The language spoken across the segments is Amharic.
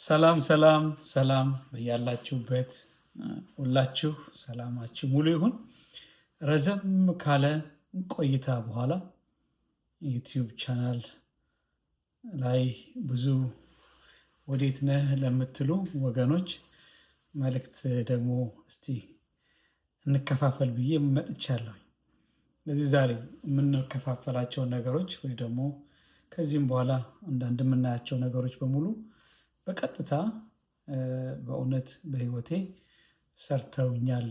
ሰላም ሰላም ሰላም ያላችሁበት ሁላችሁ ሰላማችሁ ሙሉ ይሁን። ረዘም ካለ ቆይታ በኋላ ዩቲዩብ ቻናል ላይ ብዙ ወዴት ነህ ለምትሉ ወገኖች መልእክት ደግሞ እስቲ እንከፋፈል ብዬ መጥቻለሁ። ለዚህ ዛሬ የምንከፋፈላቸው ነገሮች ወይ ደግሞ ከዚህም በኋላ አንዳንድ የምናያቸው ነገሮች በሙሉ በቀጥታ በእውነት በህይወቴ ሰርተውኛል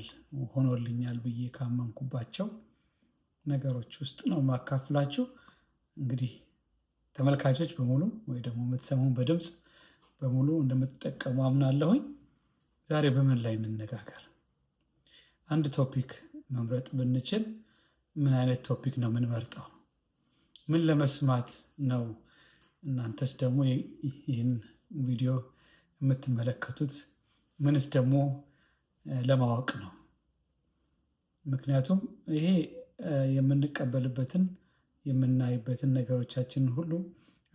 ሆኖልኛል ብዬ ካመንኩባቸው ነገሮች ውስጥ ነው ማካፍላችሁ እንግዲህ ተመልካቾች በሙሉ ወይ ደግሞ የምትሰሙን በድምፅ በሙሉ እንደምትጠቀሙ አምናለሁኝ። ዛሬ በምን ላይ እንነጋገር? አንድ ቶፒክ መምረጥ ብንችል ምን አይነት ቶፒክ ነው የምንመርጠው? ምን ለመስማት ነው? እናንተስ ደግሞ ይህን ቪዲዮ የምትመለከቱት ምንስ ደግሞ ለማወቅ ነው። ምክንያቱም ይሄ የምንቀበልበትን የምናይበትን ነገሮቻችንን ሁሉ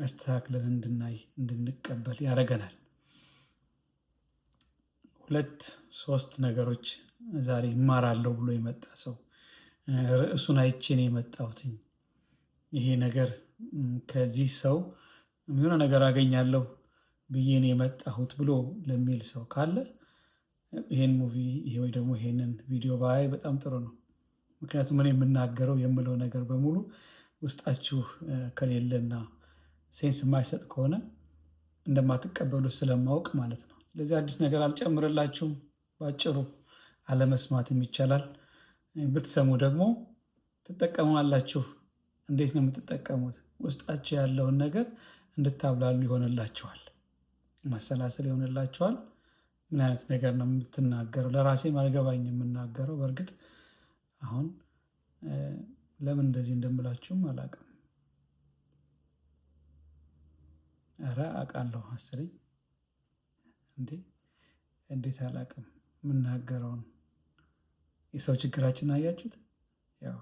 አስተካክለን እንድናይ እንድንቀበል ያደርገናል። ሁለት ሶስት ነገሮች ዛሬ ይማራለሁ ብሎ የመጣ ሰው ርዕሱን አይቼ ነው የመጣሁትኝ ይሄ ነገር ከዚህ ሰው የሆነ ነገር አገኛለሁ ብዬን የመጣሁት ብሎ ለሚል ሰው ካለ ይሄን ሙቪ ወይ ደግሞ ይሄንን ቪዲዮ ባይ በጣም ጥሩ ነው። ምክንያቱም እኔ የምናገረው የምለው ነገር በሙሉ ውስጣችሁ ከሌለና ሴንስ የማይሰጥ ከሆነ እንደማትቀበሉ ስለማወቅ ማለት ነው። ስለዚህ አዲስ ነገር አልጨምርላችሁም። በአጭሩ አለመስማትም ይቻላል። ብትሰሙ ደግሞ ትጠቀማላችሁ። እንዴት ነው የምትጠቀሙት? ውስጣችሁ ያለውን ነገር እንድታብላሉ ይሆንላችኋል። መሰላሰል ይሆንላቸዋል። ምን አይነት ነገር ነው የምትናገረው? ለራሴ አልገባኝ የምናገረው። በእርግጥ አሁን ለምን እንደዚህ እንደምላችሁም አላውቅም። ኧረ አውቃለሁ አስረኝ እንዴ! እንዴት አላውቅም የምናገረውን የሰው ችግራችን አያችሁት? ያው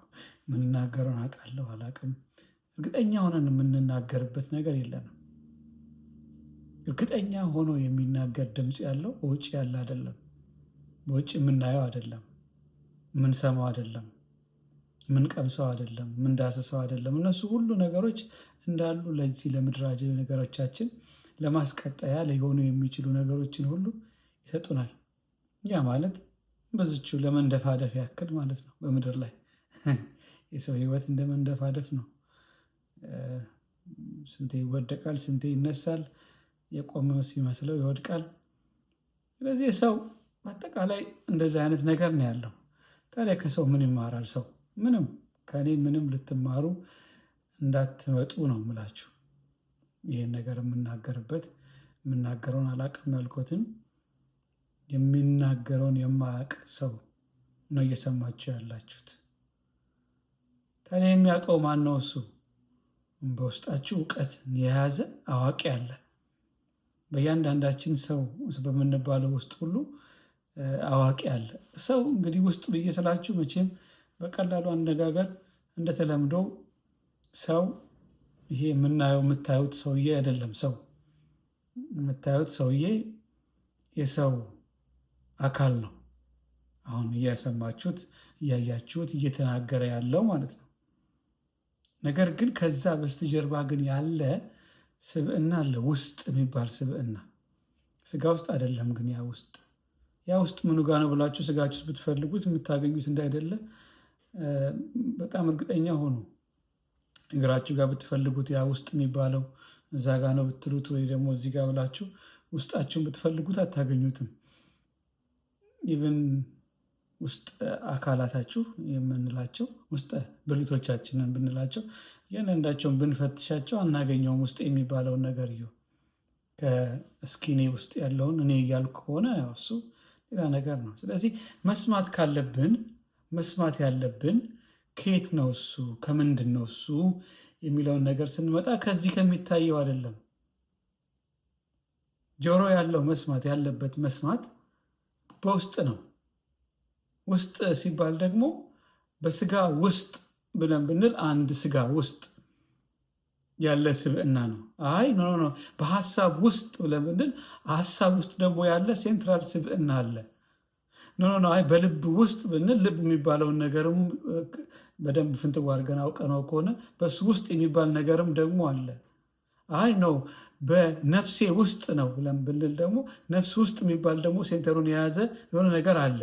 የምንናገረውን አውቃለሁ አላውቅም፣ እርግጠኛ ሆነን የምንናገርበት ነገር የለንም። እርግጠኛ ሆኖ የሚናገር ድምፅ ያለው በውጭ ያለ አይደለም። በውጭ የምናየው አይደለም፣ የምንሰማው አይደለም፣ የምንቀምሰው አይደለም፣ የምንዳስሰው አይደለም። እነሱ ሁሉ ነገሮች እንዳሉ ለዚህ ለምድራጅ ነገሮቻችን ለማስቀጠያ ሊሆኑ የሚችሉ ነገሮችን ሁሉ ይሰጡናል። ያ ማለት በዝቹ ለመንደፋደፍ ያክል ማለት ነው። በምድር ላይ የሰው ህይወት እንደ መንደፋደፍ ነው። ስንቴ ይወደቃል፣ ስንቴ ይነሳል። የቆመ ሲመስለው ይወድቃል። ስለዚህ ሰው በአጠቃላይ እንደዚህ አይነት ነገር ነው ያለው። ታዲያ ከሰው ምን ይማራል ሰው? ምንም። ከኔ ምንም ልትማሩ እንዳትመጡ ነው ምላችሁ? ይህን ነገር የምናገርበት የምናገረውን አላቅም ያልኩትን የሚናገረውን የማያቅ ሰው ነው እየሰማችሁ ያላችሁት። ታዲያ የሚያውቀው ማን ነው? እሱ በውስጣችሁ እውቀት የያዘ አዋቂ አለ። በእያንዳንዳችን ሰው በምንባለው ውስጥ ሁሉ አዋቂ አለ። ሰው እንግዲህ ውስጥ ብዬ ስላችሁ መቼም በቀላሉ አነጋገር እንደተለምዶ ሰው ይሄ የምናየው የምታዩት ሰውዬ አይደለም። ሰው የምታዩት ሰውዬ የሰው አካል ነው። አሁን እያሰማችሁት እያያችሁት እየተናገረ ያለው ማለት ነው። ነገር ግን ከዛ በስተጀርባ ግን ያለ ስብዕና አለ ውስጥ የሚባል ስብዕና ስጋ ውስጥ አይደለም ግን ያ ውስጥ ያ ውስጥ ምኑ ጋ ነው ብላችሁ ስጋችሁ ብትፈልጉት የምታገኙት እንዳይደለ በጣም እርግጠኛ ሆኑ። እግራችሁ ጋር ብትፈልጉት ያ ውስጥ የሚባለው እዛ ጋ ነው ብትሉት ወይ ደግሞ እዚህ ጋ ብላችሁ ውስጣችሁን ብትፈልጉት አታገኙትም። ኢቨን ውስጥ አካላታችሁ የምንላቸው ውስጥ ብልቶቻችንን ብንላቸው እያንዳንዳቸውን ብንፈትሻቸው አናገኘውም። ውስጥ የሚባለውን ነገር እዩ። ከእስኪኔ ውስጥ ያለውን እኔ እያልኩ ከሆነ እሱ ሌላ ነገር ነው። ስለዚህ መስማት ካለብን መስማት ያለብን ከየት ነው እሱ ከምንድን ነው እሱ የሚለውን ነገር ስንመጣ ከዚህ ከሚታየው አይደለም። ጆሮ ያለው መስማት ያለበት መስማት በውስጥ ነው። ውስጥ ሲባል ደግሞ በስጋ ውስጥ ብለን ብንል አንድ ስጋ ውስጥ ያለ ስብዕና ነው። አይ ኖ ኖ በሀሳብ ውስጥ ብለን ብንል ሀሳብ ውስጥ ደግሞ ያለ ሴንትራል ስብዕና አለ። ኖ ኖ አይ በልብ ውስጥ ብንል ልብ የሚባለውን ነገርም በደንብ ፍንትዋ አድርገን አውቀነው ከሆነ በሱ ውስጥ የሚባል ነገርም ደግሞ አለ። አይ ነው በነፍሴ ውስጥ ነው ብለን ብንል ደግሞ ነፍስ ውስጥ የሚባል ደግሞ ሴንተሩን የያዘ የሆነ ነገር አለ።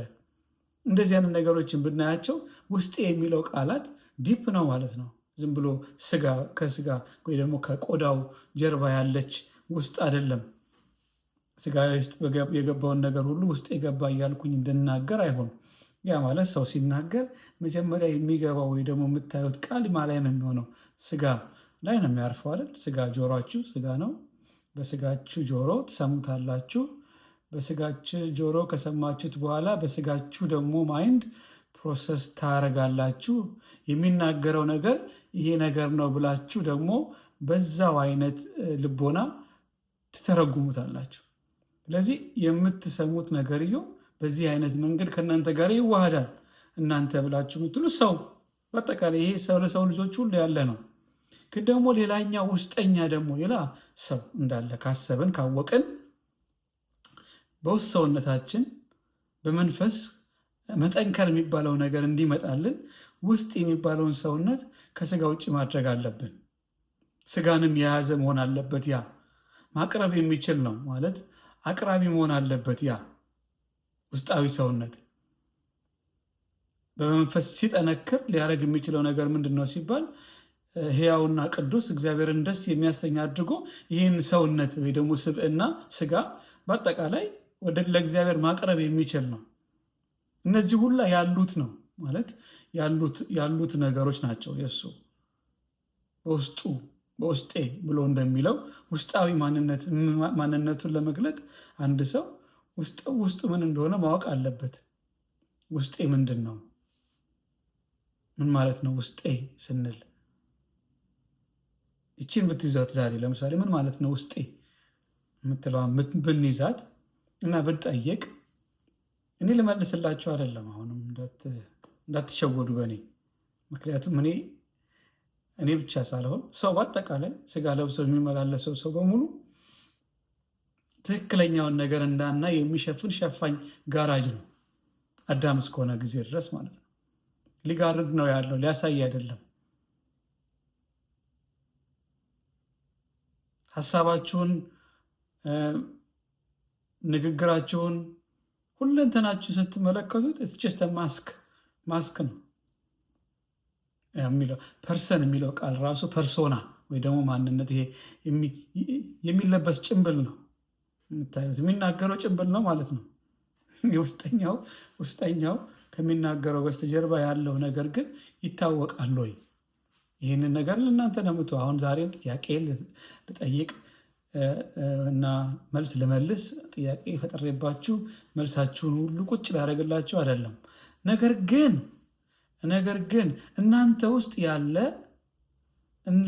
እንደዚህ አይነት ነገሮችን ብናያቸው ውስጤ የሚለው ቃላት ዲፕ ነው ማለት ነው። ዝም ብሎ ስጋ ከስጋ ወይ ደግሞ ከቆዳው ጀርባ ያለች ውስጥ አይደለም። ስጋ ውስጥ የገባውን ነገር ሁሉ ውስጥ የገባ እያልኩኝ እንድናገር አይሆንም። ያ ማለት ሰው ሲናገር መጀመሪያ የሚገባው ወይ ደግሞ የምታዩት ቃል ማላይ ነው የሚሆነው። ስጋ ላይ ነው የሚያርፈው አይደል? ስጋ ጆሯችሁ ስጋ ነው። በስጋችሁ ጆሮ ትሰሙታላችሁ በስጋች ጆሮ ከሰማችሁት በኋላ በስጋችሁ ደግሞ ማይንድ ፕሮሰስ ታደርጋላችሁ። የሚናገረው ነገር ይሄ ነገር ነው ብላችሁ ደግሞ በዛው አይነት ልቦና ትተረጉሙታላችሁ። ስለዚህ የምትሰሙት ነገርዮ በዚህ አይነት መንገድ ከእናንተ ጋር ይዋሃዳል። እናንተ ብላችሁ የምትሉ ሰው በአጠቃላይ ይሄ ሰው ለሰው ልጆች ሁሉ ያለ ነው። ግን ደግሞ ሌላኛ ውስጠኛ ደግሞ ሌላ ሰው እንዳለ ካሰብን ካወቅን በውስጥ ሰውነታችን በመንፈስ መጠንከር የሚባለው ነገር እንዲመጣልን ውስጥ የሚባለውን ሰውነት ከስጋ ውጭ ማድረግ አለብን። ስጋንም የያዘ መሆን አለበት። ያ ማቅረብ የሚችል ነው ማለት አቅራቢ መሆን አለበት። ያ ውስጣዊ ሰውነት በመንፈስ ሲጠነክር ሊያደረግ የሚችለው ነገር ምንድን ነው ሲባል ሕያውና ቅዱስ እግዚአብሔርን ደስ የሚያሰኝ አድርጎ ይህን ሰውነት ወይ ደግሞ ስብዕና ስጋ በአጠቃላይ ወደ ለእግዚአብሔር ማቅረብ የሚችል ነው። እነዚህ ሁላ ያሉት ነው ማለት ያሉት ነገሮች ናቸው። የእሱ በውስጡ በውስጤ ብሎ እንደሚለው ውስጣዊ ማንነቱን ለመግለጥ አንድ ሰው ውስጡ ምን እንደሆነ ማወቅ አለበት። ውስጤ ምንድን ነው? ምን ማለት ነው ውስጤ ስንል ይቺን ብትይዛት ዛሬ ለምሳሌ ምን ማለት ነው ውስጤ የምትለዋ ብንይዛት እና ብጠየቅ እኔ ልመልስላቸው አይደለም። አሁንም እንዳትሸወዱ በእኔ ምክንያቱም እኔ እኔ ብቻ ሳልሆን ሰው በአጠቃላይ ስጋ ለብሶ የሚመላለሰው ሰው በሙሉ ትክክለኛውን ነገር እንዳና የሚሸፍን ሸፋኝ ጋራጅ ነው። አዳም እስከሆነ ጊዜ ድረስ ማለት ነው። ሊጋርድ ነው ያለው ሊያሳይ አይደለም። ሀሳባችሁን ንግግራቸውን ሁለንተናችሁ ስትመለከቱት ጀስት ማስክ ማስክ ነው የሚለው ፐርሰን የሚለው ቃል ራሱ ፐርሶና ወይ ደግሞ ማንነት ይሄ የሚለበስ ጭንብል ነው የምታዩት የሚናገረው ጭንብል ነው ማለት ነው። የውስጠኛው ውስጠኛው ከሚናገረው በስተጀርባ ያለው ነገር ግን ይታወቃል ወይ? ይህንን ነገር ለእናንተ ነምቶ አሁን ዛሬም ጥያቄ ልጠይቅ እና መልስ ልመልስ ጥያቄ ፈጠሬባችሁ መልሳችሁን ሁሉ ቁጭ ላደረግላችሁ አይደለም። ነገር ግን ነገር ግን እናንተ ውስጥ ያለ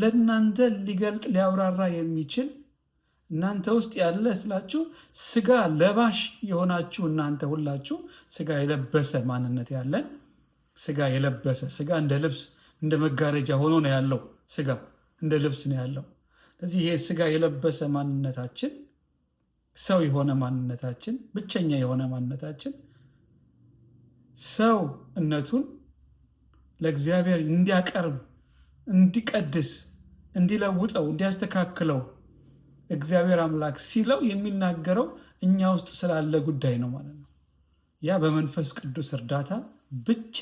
ለእናንተ ሊገልጥ ሊያብራራ የሚችል እናንተ ውስጥ ያለ ስላችሁ ስጋ ለባሽ የሆናችሁ እናንተ ሁላችሁ ስጋ የለበሰ ማንነት ያለን ስጋ የለበሰ ስጋ እንደ ልብስ እንደ መጋረጃ ሆኖ ነው ያለው። ስጋ እንደ ልብስ ነው ያለው። ስለዚህ ይሄ ስጋ የለበሰ ማንነታችን ሰው የሆነ ማንነታችን ብቸኛ የሆነ ማንነታችን ሰው እነቱን ለእግዚአብሔር እንዲያቀርብ እንዲቀድስ፣ እንዲለውጠው፣ እንዲያስተካክለው እግዚአብሔር አምላክ ሲለው የሚናገረው እኛ ውስጥ ስላለ ጉዳይ ነው ማለት ነው። ያ በመንፈስ ቅዱስ እርዳታ ብቻ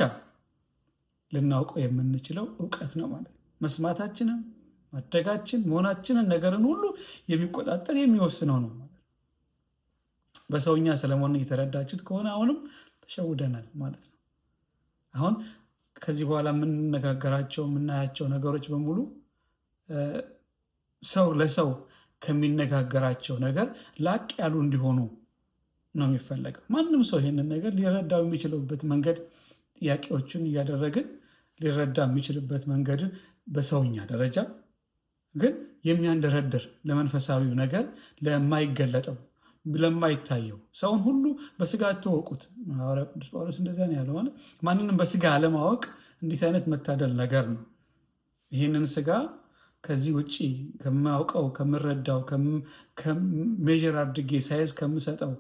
ልናውቀው የምንችለው እውቀት ነው ማለት ነው። መስማታችንም ማደጋችን መሆናችንን ነገርን ሁሉ የሚቆጣጠር የሚወስነው ነው። በሰውኛ ስለመሆን እየተረዳችሁት ከሆነ አሁንም ተሸውደናል ማለት ነው። አሁን ከዚህ በኋላ የምንነጋገራቸው የምናያቸው ነገሮች በሙሉ ሰው ለሰው ከሚነጋገራቸው ነገር ላቅ ያሉ እንዲሆኑ ነው የሚፈለገው። ማንም ሰው ይሄንን ነገር ሊረዳው የሚችልበት መንገድ ጥያቄዎችን እያደረግን ሊረዳ የሚችልበት መንገድን በሰውኛ ደረጃ ግን የሚያንደረድር ለመንፈሳዊው ነገር ለማይገለጠው ለማይታየው ሰውን ሁሉ በስጋ አትወቁት። ሐዋርያ ቅዱስ ጳውሎስ እንደዚያ ነው ያለው። ማንንም በስጋ አለማወቅ እንዲት አይነት መታደል ነገር ነው! ይህንን ስጋ ከዚህ ውጭ ከማውቀው ከምረዳው ሜዥር አድርጌ ሳይዝ ከምሰጠው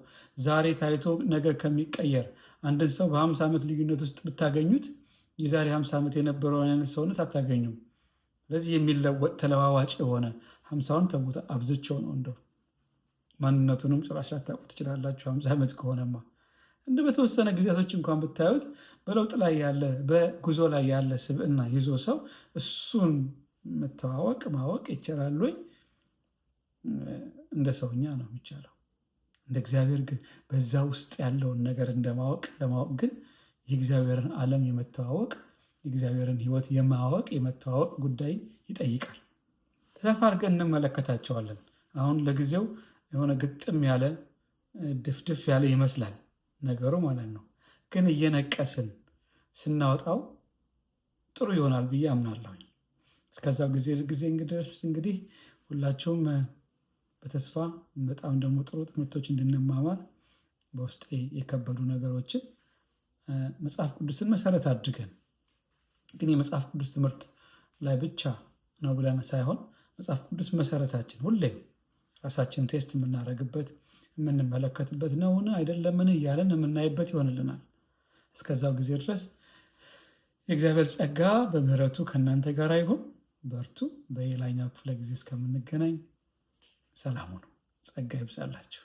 ዛሬ ታይቶ ነገ ከሚቀየር አንድን ሰው በ ዓመት ልዩነት ውስጥ ብታገኙት የዛሬ 50 ዓመት የነበረውን አይነት ሰውነት አታገኙም። ስለዚህ የሚለወጥ ተለዋዋጭ የሆነ ሀምሳውን ተውት፣ አብዝቸው ነው እንደው ማንነቱንም ጭራሽ ላታውቁ ትችላላችሁ። ሀምሳ ዓመት ከሆነማ እንደ በተወሰነ ጊዜያቶች እንኳን ብታዩት በለውጥ ላይ ያለ በጉዞ ላይ ያለ ስብዕና ይዞ ሰው እሱን መተዋወቅ ማወቅ ይቻላል ወይ? እንደ ሰውኛ ነው የሚቻለው። እንደ እግዚአብሔር ግን በዛ ውስጥ ያለውን ነገር እንደማወቅ ለማወቅ ግን የእግዚአብሔርን ዓለም የመተዋወቅ የእግዚአብሔርን ሕይወት የማወቅ የመተዋወቅ ጉዳይ ይጠይቃል። ሰፋ አድርገን እንመለከታቸዋለን። አሁን ለጊዜው የሆነ ግጥም ያለ ድፍድፍ ያለ ይመስላል ነገሩ ማለት ነው። ግን እየነቀስን ስናወጣው ጥሩ ይሆናል ብዬ አምናለሁ። እስከዛው ጊዜ ጊዜ እንግዲህ እንግዲህ ሁላችሁም በተስፋ በጣም ደግሞ ጥሩ ትምህርቶች እንድንማማር በውስጤ የከበዱ ነገሮችን መጽሐፍ ቅዱስን መሰረት አድርገን ግን የመጽሐፍ ቅዱስ ትምህርት ላይ ብቻ ነው ብለን ሳይሆን መጽሐፍ ቅዱስ መሰረታችን ሁሌም ራሳችን ቴስት የምናደርግበት የምንመለከትበት ነውን አይደለምን እያለን የምናይበት ይሆንልናል። እስከዛው ጊዜ ድረስ የእግዚአብሔር ጸጋ በምሕረቱ ከእናንተ ጋር ይሁን። በርቱ። በሌላኛው ክፍለ ጊዜ እስከምንገናኝ ሰላሙ ነው። ጸጋ ይብዛላችሁ።